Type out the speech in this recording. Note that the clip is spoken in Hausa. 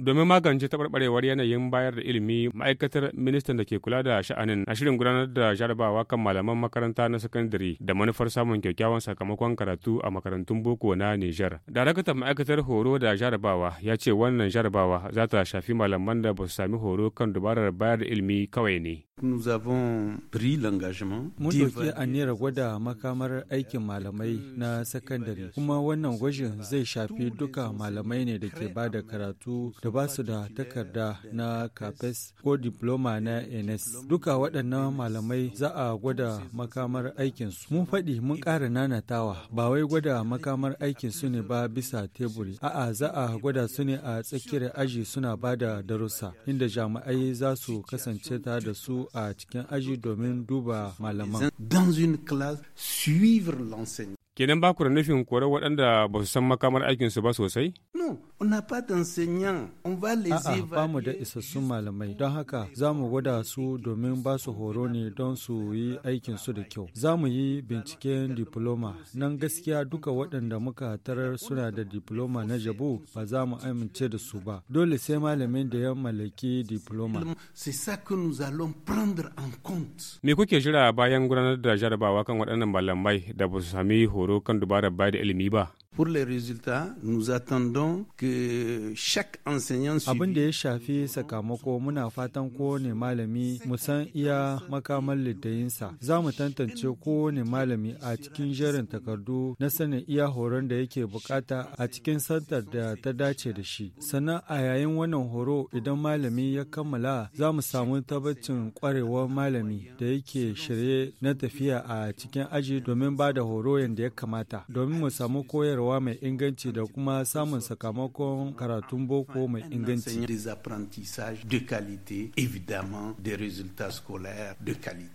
Domin magance taɓarɓarewar yanayin bayar da ilimi, ma'aikatar ministan da ke kula da sha'anin a shirin gudanar da jarabawa kan malaman makaranta na sakandare da manufar samun kyakkyawan sakamakon karatu a makarantun boko na Nijar. Daraktan ma'aikatar horo da jarabawa ya ce wannan jarabawa za ta shafi malaman da ba su sami horo kan dubarar bayar da ilimi kawai ne. Nous avons Mun ɗauki aniyar gwada makamar aikin malamai na sakandare, kuma wannan gwajin zai shafi duka malamai ne da ke ba da karatu da ba su da takarda na CAPES ko diploma na ns Duka waɗannan malamai za a gwada makamar aikinsu. Mun faɗi mun ƙara nanatawa ba wai gwada makamar aikinsu ne ba bisa teburi. A'a za a gwada su ne a tsakiyar aji suna ba da darussa inda jami'ai za su kasance ta da su a cikin aji domin duba malaman. Kenan ba ku da nufin kore waɗanda ba su san makamar aikinsu ba sosai? On n'a pas d'enseignants, on va les Ba mu da isassun malamai, don haka za mu gwada su domin ba su horo ne don su yi aikin su da kyau. Za mu yi binciken diploma, nan gaskiya duka waɗanda muka tarar suna da diploma na jabo ba za mu amince da su ba. Dole sai malamin da ya mallaki diploma. Me kuke jira bayan gudanar da jarabawa kan waɗannan malamai da ba su sami horo kan dubarar bayar da ilimi ba? Pour les résultats, nous attendons que chaque enseignant Abin da ya shafi sakamako muna fatan kowane malami musan iya makamar littayinsa. Za mu tantance kowane malami a cikin jerin takardu na sanin iya horon da yake bukata a cikin santar da ta dace da shi. Sannan a yayin wannan horo idan malami ya kammala za mu samu tabbacin kwarewar malami da yake shirye na tafiya a cikin aji domin ba da horo yadda ya kamata domin mu samu koyarwa mai des apprentissages de qualité, évidemment des résultats scolaires de qualité.